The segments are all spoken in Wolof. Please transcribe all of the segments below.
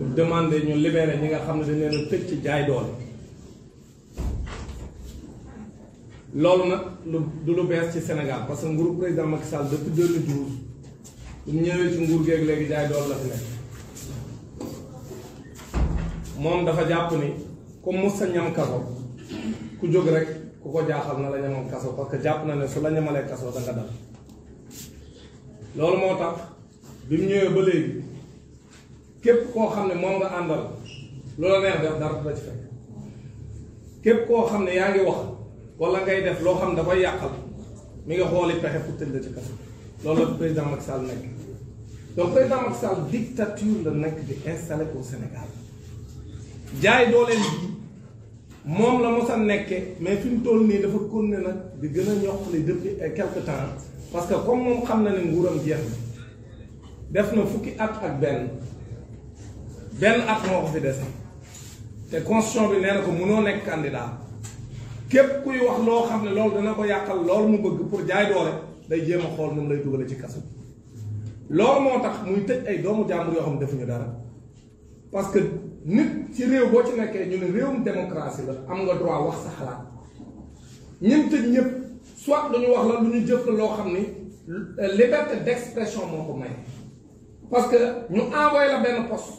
pour ñu libérer ñi nga xam ne dañ leen tëj ci jaay doole loolu nag lu du lu bees ci senegal parce que nguuru président Macky Sall depuis 2012 bu mu ñëwee ci nguur géeg léegi jaay doole la fi nekk moom dafa jàpp ni comme mu sa ñam kaso ku jóg rek ku ko jaaxal na la ñamam kaso parce que jàpp na ne su la ñamalee kaso da nga loolu moo tax bi mu ñëwee ba léegi. képp koo xam ne moom nga àndal loola neex def dara dara ci fekk képp koo xam ne yaa ngi wax wala ngay def loo xam ne dafay yàqal mi nga xooli pexe pour tëj la ci loolu la président Macky Sall nekk donc président Macky Sall dictature la nekk di installé au Sénégal jaay dooleel ji moom la mos a nekke mais fi mu toll nii dafa continuer nag di gën a ñoqali depuis quelque temps parce que comme moom xam na ne nguuram jeex na def na fukki at ak benn ben at ko fi dese te constitution bi nee ko mënoo nek candidat képp kuy wax lo xam ne dana ko yakal loolu mu bëgg pour jaay doole day jéem xol xool lay dugale ci kasso bi motax muy tëj ay doomu jambour yo xam ne defuñu dara parce que nit ci réew bo ci nekkee ñu ne réewum démocratie la am nga droit wax sa xalaat ñun tëj ñëpp soit dañu wax la lu jëf lo loo liberté d'expression moko may parce que ñu envoyé la ben poste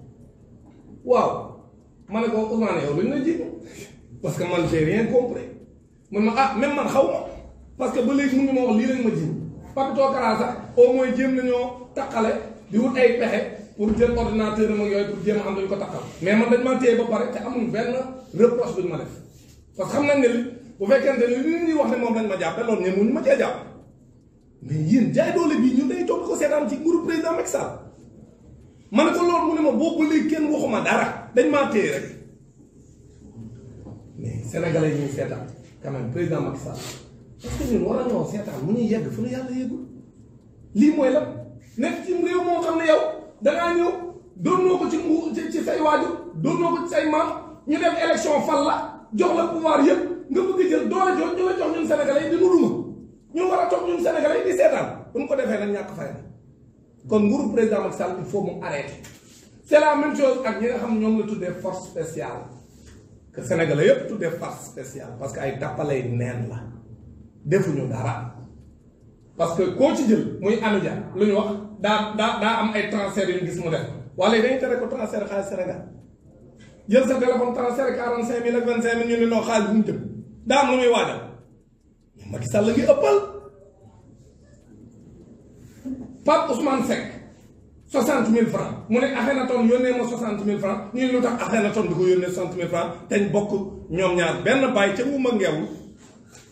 waaw ma ne ko Ousmane yow luñ la ji parce que man j'ai rien compris man ma ah même man xaw ma parce que ba léegi mu ngi ma wax lii lañ ma ji Papito Kara sax au moins jéem nañoo taqale di wut ay pexe pour jël ordinateur moom ak yooyu pour jéem a na ñu ko taqal. mais man dañ ma téye ba pare te amul benn reproche buñ ma def parce que xam nañ ne bu fekkente ne li ñuy wax ne moom lañ ma jàppe loolu ne mënuñ ma cee jàpp mais yéen jaay doole bii ñun day toog ko seetaan ci nguuru président Macky man ne ko loolu mu ne ma boobu léegi kenn waxuma dara dañ maa téye rek mais sénégalais yi seetaan quand même président Macky Sall parce que ñun war nañoo seetaan mu ñuy yegg fu nu yàlla yeggul lii mooy la nekk ci réew moo xam ne yow dangaa ñëw doonoo ko ci nguur ci say waajur doonoo ko ci say maam ñu dem élection fal la jox la pouvoir yëpp nga bëgg jël doole jox ñu la jox ñun sénégalais di nu duma ñu war a toog ñun sénégalais yi di ko defee nag ñàkk fay kon nguuru président Macky Sall il faut mu arrêté c' est la même chose ak ñi nga xam ñoom la tuddee force spéciale que sénégalais yépp tuddee force spéciale parce que ay tappalay neen la defuñu dara parce que koo ci jël muy anuja lu ñu wax daa daa daa am ay transfert yu ñu gis mu def wala dañu tere ko transfert xaalis Sénégal jël sa téléphone transfert quarante cinq mille ak vingt cinq ñu ne noo xaalis mu jëm daa am lu muy waajal Macky Sall la ngi ëppal Pape Ousmane Seck soixante mille francs mu ne Akhenaton yónnee ma soixante mille francs ñu ne tax Akhenaton di ko yónnee soixante mille francs dañ bokk ñoom ñaar benn baay ca Wumba Ngeewul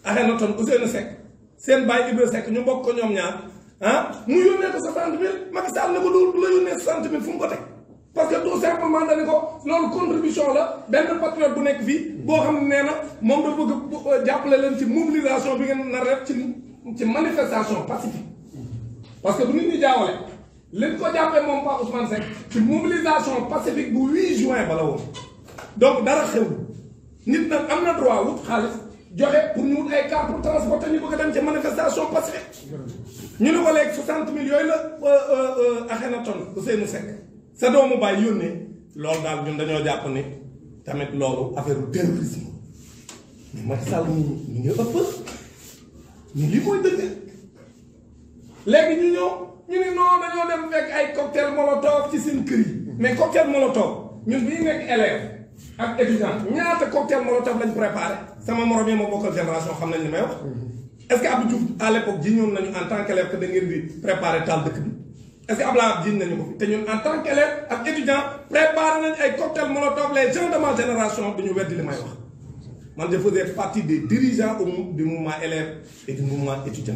Akhenaton seen baay ñu bokk ko ñoom ñaar ah mu yónnee ko soixante mille Macky Sall ko du la yónnee soixante mille fu mu ko teg parce que tout simplement ko loolu contribution la benn patriote bu nekk fii boo xam ne nee na moom da bëgg jàppale leen ci mobilisation bi ngeen nar a def ci ci manifestation pacifique parce que bu nit ñi jaawale liñ ko jàppee moom Pape Ousmane Seck ci mobilisation pacifique bu 8 juin ba donc dara xew nit nag am droit wut xaalis joxe pour ñu wut ay carte pour transporter ñu bëgg a ci manifestation pacifique ñu ne ko 60 millions, yooyu la euh, euh, euh, Akhenaton Ousseynou Seck sa doomu bàyyi yónnee loolu daal ñun dañoo jàpp ne tamit loolu affaire terrorisme mais Macky Sall ñu ñu ngi nous ñu ngi dëgg léegi ñu ñëw ñu ne non un cocktail molotov qui seen kër yi mais cocktail molotov nous bi élèves élèves, élève ak étudiant ñaata cocktail molotov lañ préparé sama ma bokkal génération xam nañ génération. may wax mhm. est-ce que à l'époque nous avons en tant qu'élève que da ngeen di préparé tant de est-ce que Ablaye jiñ nañu ko fi ñun en tant qu'élève ak étudiant préparé nañ ay cocktail molotov les gens de ma génération nous avons dit li je faisais partie des dirigeants du mouvement élève et du mouvement étudiant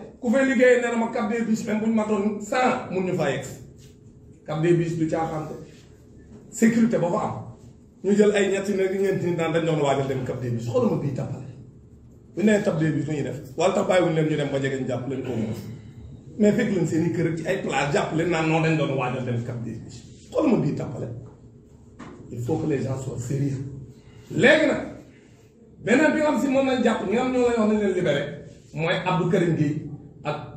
ku fay liggéeyee nee na ma cap des biches même bu ñu matoon cent mun ñu faa yegg cap des biches du caaxaante sécurité ba fa am ñu jël ay ñetti nag ñeenti nit naan dañ doon waajal dem cap des biches xoolal ma bii tàmbale bu ñu nee cap des biches lu def wala tax bàyyiwuñ leen ñu dem ba jàpp leen ko mais fekk leen seen i kër ci ay place jàpp dañ doon waajal dem cap des biches xoolal ma bii tàmbale il faut que les gens beneen bi nga xam si moom lañ jàpp ñi nga xam ñoo lay mooy Abdou Karim Gueye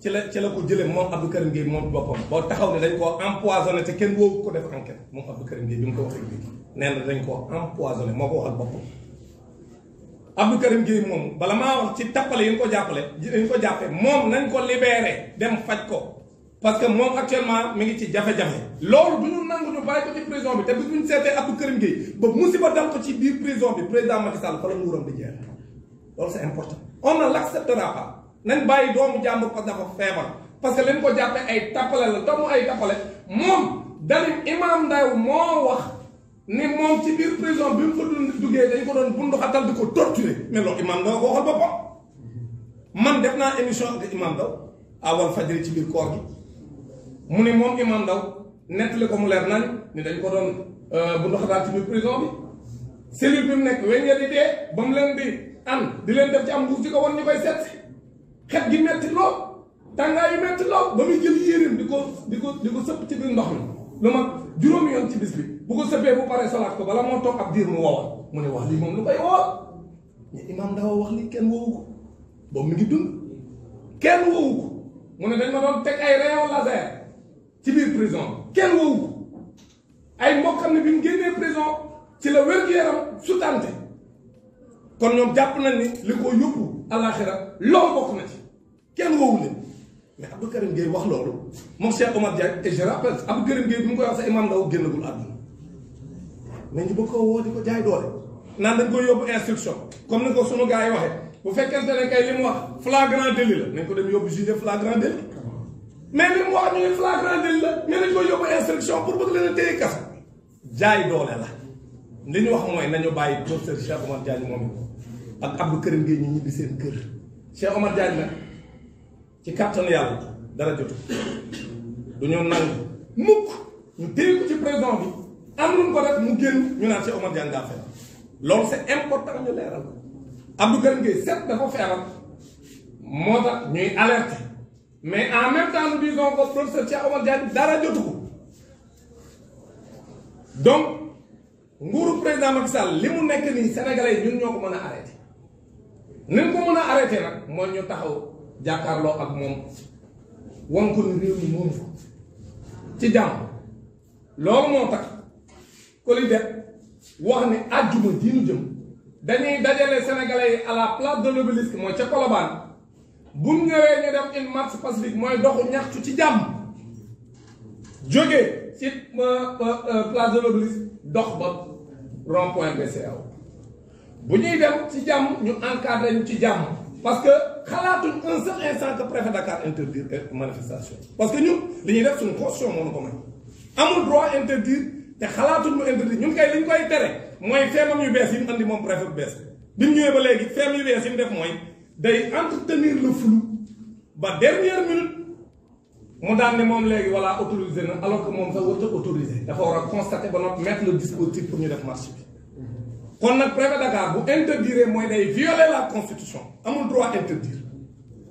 ci la ci la ko jëlee moom Abdou Karim Gueye moom boppam boo taxaw ne lañ koo empoisonné te kenn woowu ko def enquête moom Abdou Karim Gueye bi mu ko waxee léegi nee na dañ koo empoisonné moo ko waxal boppam. Abdou Karim Gueye moom bala maa wax ci tappale yi nu ko jàppale yi nga ko jàppee moom nañ ko libéré dem faj ko parce que moom actuellement mi ngi ci jafe-jafe. loolu du ñu nangu ñu bàyyi ko ci prison bi te bis bu ñu seetee Abdou Karim Gueye ba musiba dal ko ci biir prison bi président Macky Sall fa la nguuram di jeex loolu c'est important on ne nañ bàyyi doomu jàmbur parce que dafa feebar parce que leen ko jàppee ay tappale la doomu ay tappale moom dañu imaam Ndao moo wax ni moom ci biir prison bi mu fa duggee ko doon bunduxatal di ko torturer man def naa émission ak imaam Ndao à ci biir mu ne moom imaam Ndao ko mu leer nañ dañ ko doon euh, bunduxatal ci biir prison bi nekk weñ nga di dee ba mu leen di an di leen def ci am nguur ci ko woon ñu koy seet si xet gi metti lool tàngaay yu lool ba muy jël yéreem di ko di ko sëpp ci biir ndox mi lu mag juróomi yoon ci bis bi bu ko sëppee bu paree solaat ko bala moo toog ab diir mu wowal mu ne wax lii moom lu koy wowal mais imaam dafa wax lii kenn wowu ko boobu mi ngi dund kenn wowu ko mu ne dañ ma doon teg ay rayon laser ci biir prison kenn wowu ko ay mbokkam ne bi mu génnee prison ci la wér-gu-yaram sutante kon ñoom jàpp na ni li ko yóbbu àllaaxira kenn woowu leen mais Abdou Karim Gueye wax loolu moom Cheikh Omar Diagne et je rappelle Abdou mu koy wax sa imam ndaw génnagul àdduna mais ñu bëgg woo di ko jaay doole naan dañ koy yóbbu comme ni ko sunu gars yi waxee bu fekkente ne kay li la nañ ko dem yóbbu jugé flagrant délit mais li mu wax ñu ñu nañ a téye nañu bàyyi professeur Cheikh Omar Diagne moom ak Abdou Karim Gueye ñu ñibbi seen kër Cheikh Omar Diagne nag ci kàttanu yàlla dara jotu du ñu nangu mukk ñu téye ci président bi am lu ko def mu génn ñu naan si Omar Diagne daa la loolu c'est important ñu leeral ko Abdou Karim Gueye dafa feebar moo tax ñuy alerter mais en même temps nous disons que professeur Cheikh Omar Diagne dara jotu ko donc nguuru président Macky Sall li mu nekk nii sénégalais yi ñun ñoo ko mën a arrêté ni ñu ko mën a arrêté nag mooy ñu taxaw. jàkkaarloo ak moom wan ko ni réew mi moomu ko ci jàmm loolu moo tax Colibet wax ne àjjuma diinu jëm dañuy dajale sénégalais yi à la place de l'obélisque mooy ca Colobane bu ñëwee ñu def une marche pacifique mooy doxu ñaxtu ci jàmm jógee ci euh, euh, euh, place de l'obélisque dox ba rond-point BCEAO bu ñuy dem ci jàmm ñu encadré ñu ci jàmm parce xalaatuñ un seul instant que préfet Dakar interdire manifestation parce que ñun dañuy def suñu caution moo ko may amul droit interdire te xalaatuñ mu interdire ñun kay liñ koy tere mooy feemam yu bees yi mu andi moom préfet bu bees bi mu ñëwee ba léegi feem yu bees yi mu def mooy day entretenir le flou ba dernière minute mu daan ne moom léegi voilà autorisé na alors que moom sax warut a autorisé dafa war a constater ba mettre le dispositif pour ñu def marche bi kon nag préfet Dakar bu interdire mooy day violer la constitution amul droit interdire.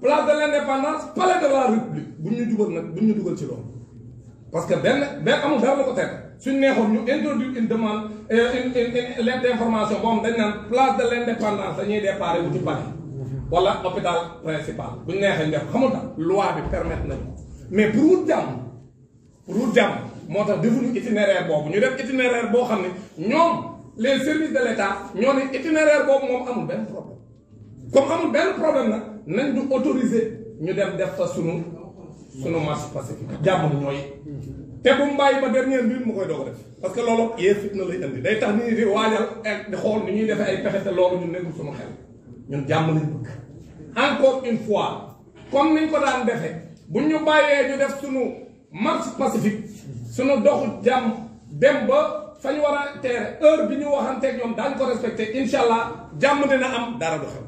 place de l'indépendance palais de la république parce que si nous amul une demande euh, une lettre d'information place de l'indépendance dañuy palais hôpital principal loi permettre mais pour nous pour itinéraire nous itinéraire les services de l'État nous itinéraire problème comme problème même nous autoriser ñu dem def fa sunu sunu marche pacifique jamm ñoy té bu mu ba dernière minute mu koy doog def parce que loolu yé fitna lay indi day tax ni di waajal ak di xol ni ñuy def ay pexé te loolu ñun nekkul sunu xel ñun jamm lañ bëgg encore une fois comme niñ ko daan defee bu ñu bayé ñu def sunu mars pacifique sunu doxu jàmm dem ba fa ñu war a heure bi ñu ak ñom daañu ko respecté inshallah allah dina am dara du xew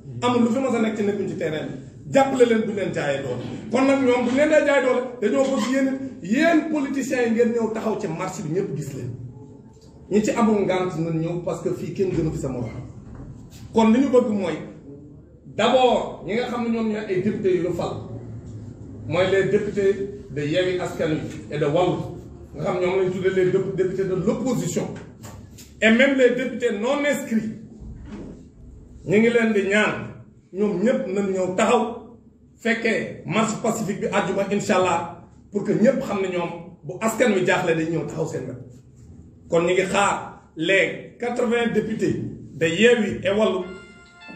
amul lu fi mas a nekk ci nekkuñ ci terrain bi jàppale leen bu leen jaayee doole kon nag ñoom bu leen dee jaay doole dañoo bëgg yéen yéen politiciens yi ngeen ñëw taxaw ci marché bi ñëpp gis leen ñi ci amul ngant nañ ñëw parce que fii kenn gënu fi sa morom kon li ñu bëgg mooy d'abord ñi nga xam ne ñoom ñooy ay députés yu lu fal mooy les députés de Yewwi Askan Wi et de Wallu nga xam ñoom lañ tuddee les députés de l'opposition et même les députés non inscrits ñu ngi leen di ñaan ñom ñëpp nañ ñëw taxaw féké mars pacifique bi àjjuma inshallah pour que ñëpp xam ñom bu askan wi jaxlé dañ ñëw taxaw seen wet kon ñi ngi xaar les 80 députés de Yewwi et walu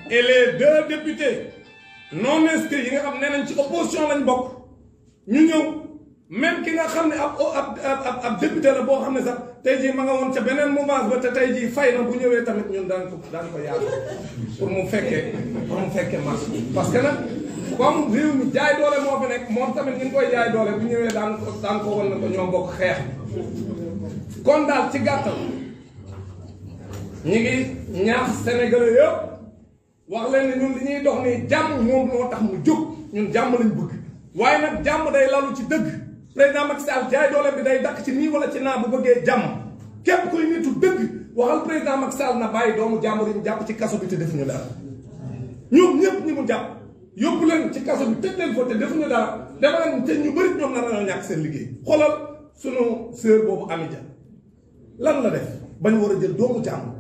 et les deux députés non inscrits yi nga xam ne nañ ci opposition lañ bok ñu ñëw même ki nga xam ne ab ab ab député la bo xamné ne sax. tey jii ma nga woon ca beneen moment ba te tey jii fay na bu ñëwee tamit ñun daan ko daan ko yàlla pour mu fekkee pour mu fekkee marché parce que nag comme réew mi jaay doole moo fi moom tamit ñu ngi koy jaay doole bu ñëwee daan ko daan ko wan na ko ñoo bokk xeex kon daal ci gàttal ñu ngi ñaax sénégalais yëpp wax leen ni ñun li ñuy dox nii jàmm moom moo tax mu jóg ñun jàmm lañu bëgg waaye nag jàmm day lalu ci dëgg président Macky Sall jaay dooleem bi day dàq ci nii wala ci naa bu bëggee jàmm képp kuy nitu dëgg waxal président Macky Sall na bàyyi doomu jàmbur yi mu jàpp ci kaso bi te defuñu dara mu jàpp yóbbu leen ci kaso bi tëj leen fa te defuñu dara dafa leen te ñu bëri ñoom nar nañoo ñàkk seen liggéey xoolal sunu sœur boobu Amidia lan la def ñu war a jël doomu jàmbur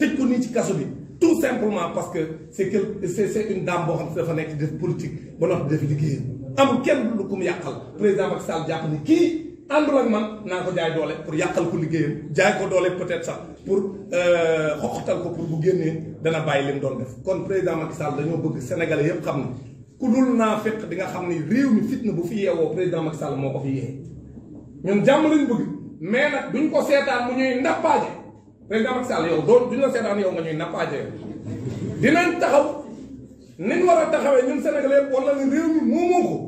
tëj ko nii ci kaso bi tout simplement parce que c'est que c'est une dame boo xam ne dafa nekk def politique ba noppi def liggéeyam am kenn lu ko mu yàqal président Macky Sall jàpp ni kii àndul ak man naa ko jaay doole pour yàqal ko liggéeyam jaay ko doole peut sax pour euh, xoqatal ko pour bu génnee dana bàyyi li mu doon def kon président Macky Sall dañoo bëgg sénégalais yëpp xam ne ku dul naa fekk di nga xam ni réew mi fitna bu fi yeewoo président Macky Sall moo ko fi yee ñun jàmm lañ bëgg mais nag duñ ko seetaan mu ñuy nappaaje président Macky Sall yow doon duñ la seetaan yow nga ñuy nappaaje a taxawee ñun sénégalais yëpp wala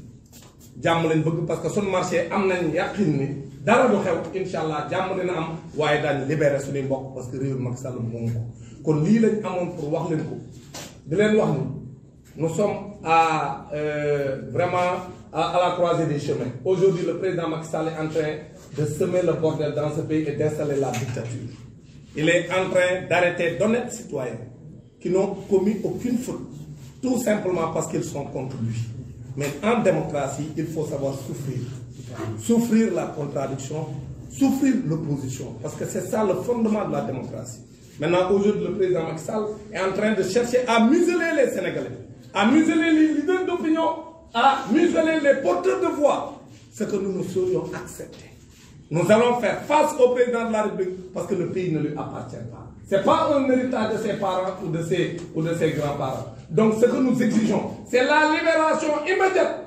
parce que son marché am nañ yàqin ni dara du xew incha allah jàmm am waaye libéré suñuy parce que réew Macky Sall moom ko kon lii lañ amoon pour wax leen ko wax ni nous sommes à euh, vraiment à la croisée des chemins aujourd'hui le président Macky est en train de semer le bordel dans ce pays et d'installer la dictature il est en train d'arrêter d'honnêtes citoyens qui n'ont commis aucune faute tout simplement parce qu'ils sont contre lui mais en démocratie, il faut savoir souffrir. Souffrir la contradiction, souffrir l'opposition. Parce que c'est ça le fondement de la démocratie. Maintenant, aujourd'hui, le président Macky est en train de chercher à museler les Sénégalais, à museler les leaders d'opinion, à museler les porteurs de voix. Ce que nous ne saurions accepter. Nous allons faire face au président de la République parce que le pays ne lui appartient pas n'est pas un héritage de ses parents ou de ses, de ses grands-parents. Donc ce que nous exigeons, c'est la libération immédiate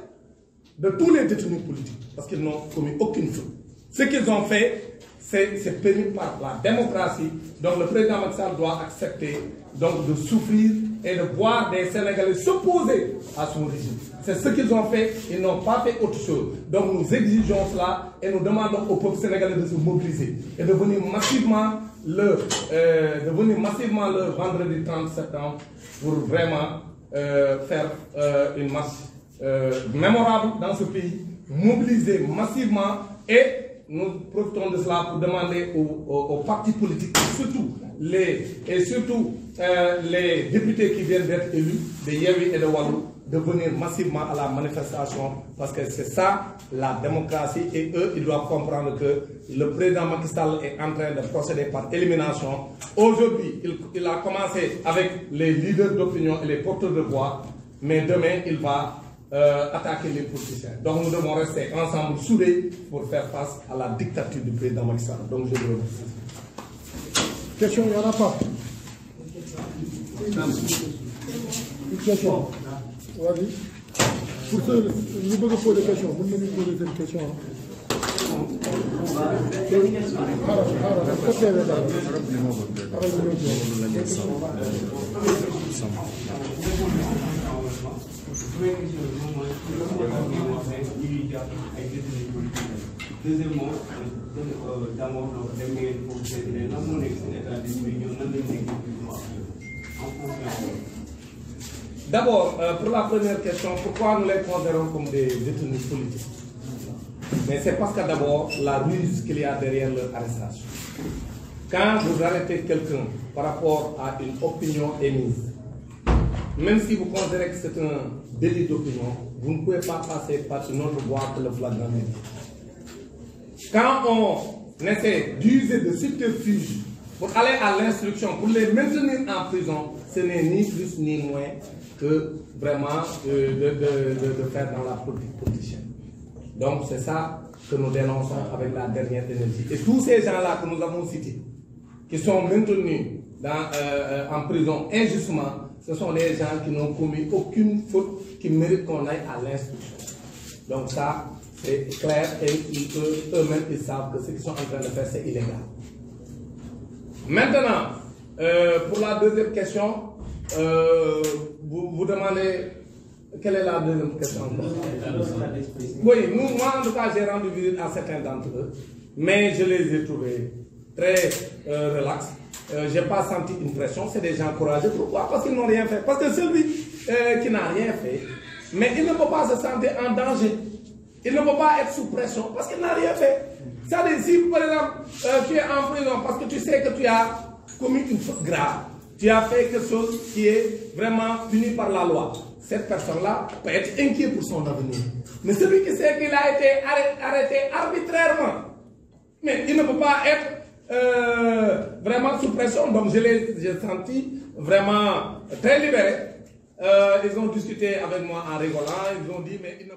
de tous les détenus politiques, parce qu'ils n'ont commis aucune faute. Ce qu'ils ont fait, c'est permis par la démocratie. Donc le président Sall doit accepter donc, de souffrir et de voir des Sénégalais s'opposer à son régime. C'est ce qu'ils ont fait, ils n'ont pas fait autre chose. Donc nous exigeons cela et nous demandons au peuple sénégalais de se mobiliser et de venir massivement leur, euh, de venir massivement le vendredi 30 septembre pour vraiment euh, faire euh, une marche mémorable dans ce pays, mobiliser massivement et nous profitons de cela pour demander aux, partis politiques, surtout les, et surtout les députés qui viennent d'être élus, de Yévi et de Wallou, de venir massivement à la manifestation parce que c'est ça la démocratie et eux, ils doivent comprendre que le président Macky Sall est en train de procéder par élimination. Aujourd'hui, il, il, a commencé avec les leaders d'opinion et les porteurs de voix, mais demain, il va euh, attaquer les politiciens. Donc nous devons rester ensemble, soudés, pour faire face à la dictature du président Macky Sall. Donc je vous remercie. Question, il n'y en a pas. Une question. waa bi pour que ñu bëgg a poser question mën nañu poser seen question ah. deuxièmement euh, d'abord donc dem ngeen foofu seeti ne lan moo nekk seen état d'esprit ñoom nan lañ nekk D'abord, euh, pour la première question, pourquoi nous les considérons comme des détenus politiques Mais c'est parce que d'abord, la ruse qu'il y a derrière leur arrestation. Quand vous arrêtez quelqu'un par rapport à une opinion émise, même si vous considérez que c'est un délit d'opinion, vous ne pouvez pas passer par une autre voie que le flagrant Quand on essaie d'user de subterfuges pour aller à l'instruction, pour les maintenir en prison, ce n'est ni plus ni moins que vraiment euh, de, faire dans la politique politicienne. Donc c'est ça que nous dénonçons avec la dernière énergie. Et tous ces gens-là que nous avons cités, qui sont maintenus dans, euh, euh, en prison injustement, ce sont des gens qui n'ont commis aucune faute qui mérite qu'on aille à l'instruction. Donc ça, c'est clair et eux-mêmes, ils savent que ce qu'ils sont en train de faire, c'est illégal. Maintenant, euh, pour la deuxième question, euh, vous, vous demandez quelle est la deuxième question Oui, nous, moi en tout cas, j'ai rendu visite à certains d'entre eux, mais je les ai trouvés très euh, relax. j'ai pas senti une pression, c'est des gens courageux. Pourquoi Parce qu'ils n'ont rien fait. Parce que celui qui n'a rien fait, mais il ne peut pas se sentir en danger. Il ne peut pas être sous pression parce qu'il n'a rien fait. Ça veut si par exemple tu es en prison parce que tu sais que tu as commis une faute grave, tu as fait quelque chose qui est vraiment puni par la loi, cette personne-là peut être inquiet pour son avenir. Mais celui qui sait qu'il a été arrêté, arbitrairement, mais il ne peut pas être euh, vraiment sous pression. Donc je l'ai senti vraiment très libéré. Euh, ils ont discuté avec moi en rigolant, ils ont dit mais il ne